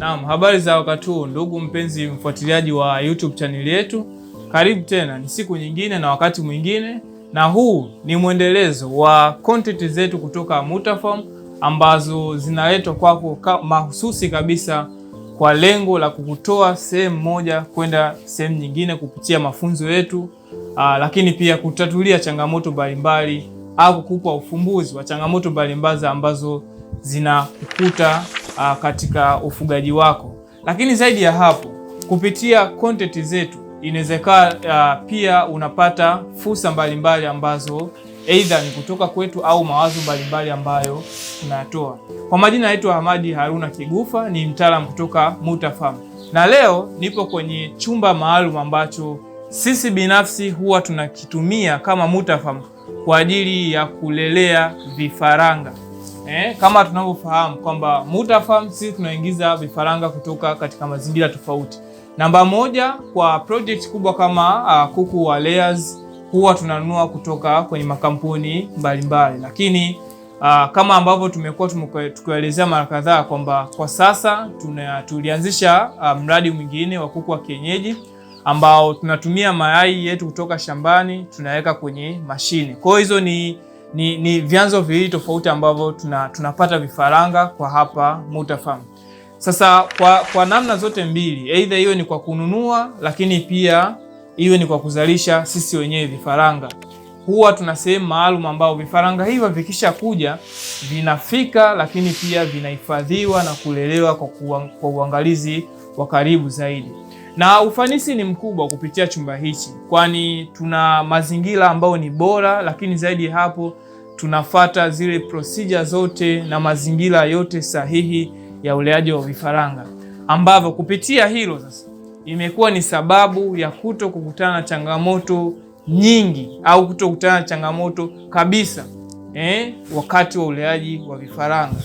Naam, habari za wakati huu ndugu mpenzi mfuatiliaji wa YouTube chaneli yetu, karibu tena, ni siku nyingine na wakati mwingine, na huu ni mwendelezo wa content zetu kutoka Mutafarm ambazo zinaletwa kwako mahususi kabisa kwa lengo la kukutoa sehemu moja kwenda sehemu nyingine kupitia mafunzo yetu, aa, ah, lakini pia kutatulia changamoto mbalimbali au kukupa ufumbuzi wa changamoto mbalimbali ambazo zinakukuta uh, katika ufugaji wako, lakini zaidi ya hapo kupitia content zetu inawezekana uh, ah, pia unapata fursa mbalimbali ambazo aidha ni kutoka kwetu au mawazo mbalimbali ambayo tunatoa. Kwa majina yaitwa Hamadi Haruna Kigufa, ni mtaalamu kutoka Muta Farm, na leo nipo kwenye chumba maalum ambacho sisi binafsi huwa tunakitumia kama Muta Farm kwa ajili ya kulelea vifaranga. Eh, kama tunavyofahamu kwamba Farm sisi tunaingiza vifaranga kutoka katika mazingira tofauti. Namba moja, kwa project kubwa kama uh, kuku wa layers huwa tunanunua kutoka kwenye makampuni mbalimbali mbali. Lakini uh, kama ambavyo tumekuwa tukiwaelezea mara kadhaa kwamba kwa sasa tuna, tulianzisha uh, mradi mwingine wa kuku wa kienyeji ambao tunatumia mayai yetu kutoka shambani tunaweka kwenye mashine. Kwa hiyo hizo ni ni, ni vyanzo viwili tofauti ambavyo tuna, tunapata vifaranga kwa hapa Muta Farm. Sasa kwa, kwa namna zote mbili, aidha hiyo ni kwa kununua, lakini pia hiyo ni kwa kuzalisha sisi wenyewe vifaranga. Huwa tuna sehemu maalum ambao vifaranga hivyo vikisha kuja vinafika, lakini pia vinahifadhiwa na kulelewa kwa, kwa uangalizi wa karibu zaidi na ufanisi ni mkubwa kupitia chumba hichi, kwani tuna mazingira ambayo ni bora, lakini zaidi ya hapo tunafata zile procedure zote na mazingira yote sahihi ya uleaji wa vifaranga, ambavyo kupitia hilo sasa imekuwa ni sababu ya kuto kukutana na changamoto nyingi au kuto kukutana na changamoto kabisa eh, wakati wa uleaji wa vifaranga.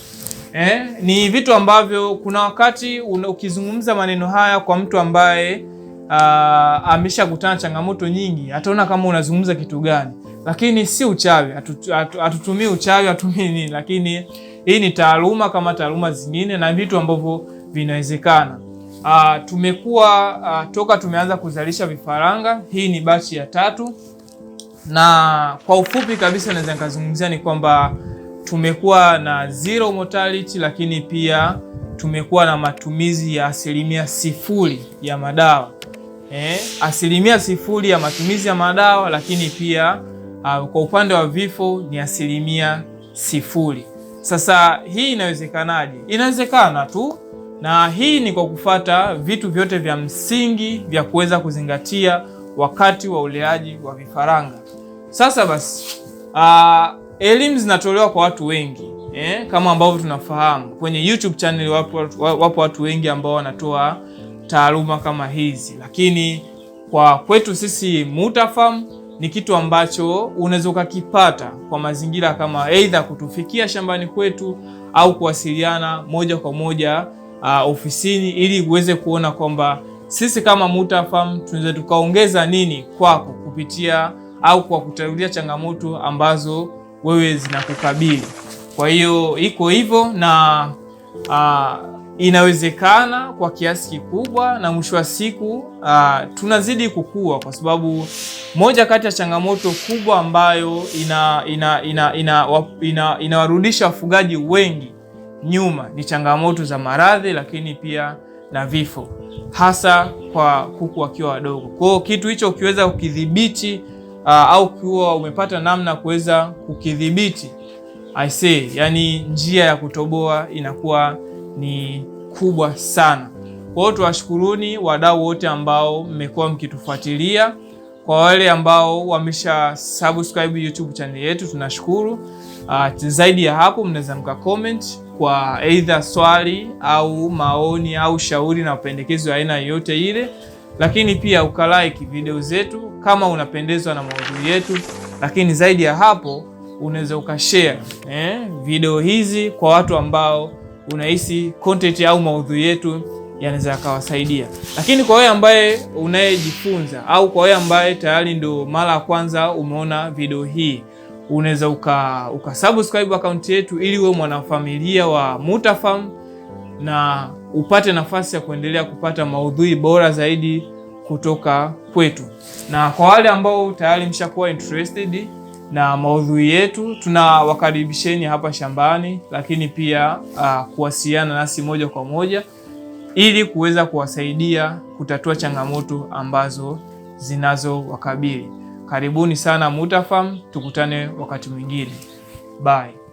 Eh, ni vitu ambavyo kuna wakati ukizungumza maneno haya kwa mtu ambaye uh, ameshakutana changamoto nyingi ataona kama unazungumza kitu gani, lakini si uchawi. Hatutumii uchawi, hatumii nini, lakini hii ni taaluma kama taaluma zingine na vitu ambavyo vinawezekana. Uh, tumekuwa uh, toka tumeanza kuzalisha vifaranga, hii ni bachi ya tatu, na kwa ufupi kabisa naweza nikazungumzia ni kwamba tumekuwa na zero mortality, lakini pia tumekuwa na matumizi ya asilimia sifuri ya madawa eh, asilimia sifuri ya matumizi ya madawa, lakini pia uh, kwa upande wa vifo ni asilimia sifuri. Sasa hii inawezekanaje? Inawezekana tu, na hii ni kwa kufata vitu vyote vya msingi vya kuweza kuzingatia wakati wa uleaji wa vifaranga. Sasa basi uh, elimu zinatolewa kwa watu wengi eh, kama ambavyo tunafahamu kwenye YouTube channel wapo, wapo watu wengi ambao wanatoa taaluma kama hizi, lakini kwa kwetu sisi MutaFarm ni kitu ambacho unaweza ukakipata kwa mazingira kama aidha kutufikia shambani kwetu au kuwasiliana moja kwa moja uh, ofisini ili uweze kuona kwamba sisi kama MutaFarm tunaweza tukaongeza nini kwako kupitia au kwa kutatulia changamoto ambazo wewe zinakukabili. Kwa hiyo iko hivyo na a, ah, inawezekana kwa kiasi kikubwa, na mwisho wa siku a, ah, tunazidi kukua, kwa sababu moja kati ya changamoto kubwa ambayo inawarudisha ina, ina, ina, ina, ina, ina wafugaji wengi nyuma ni changamoto za maradhi, lakini pia na vifo, hasa kwa kuku wakiwa wadogo. Kwa hiyo kitu hicho ukiweza kukidhibiti Uh, au kiwa umepata namna kuweza kukidhibiti I say, yani njia ya kutoboa inakuwa ni kubwa sana. Kwa hiyo tuwashukuruni wadau wote ambao mmekuwa mkitufuatilia. Kwa wale ambao wamesha subscribe YouTube channel yetu tunashukuru. Uh, zaidi ya hapo mnaweza mka comment kwa either swali au maoni au shauri na mapendekezo ya aina yoyote ile lakini pia ukalike video zetu kama unapendezwa na maudhui yetu, lakini zaidi ya hapo unaweza ukashare eh, video hizi kwa watu ambao unahisi content au maudhui yetu yanaweza yakawasaidia. Lakini kwa wewe ambaye unayejifunza au kwa wewe ambaye tayari ndo mara ya kwanza umeona video hii, unaweza uka, uka subscribe yetu ili uwe mwanafamilia wa Mutafam, na upate nafasi ya kuendelea kupata maudhui bora zaidi kutoka kwetu. Na kwa wale ambao tayari mshakuwa interested na maudhui yetu, tunawakaribisheni hapa shambani, lakini pia uh, kuwasiliana nasi moja kwa moja ili kuweza kuwasaidia kutatua changamoto ambazo zinazowakabili. Karibuni sana MutaFarm, tukutane wakati mwingine. Bye.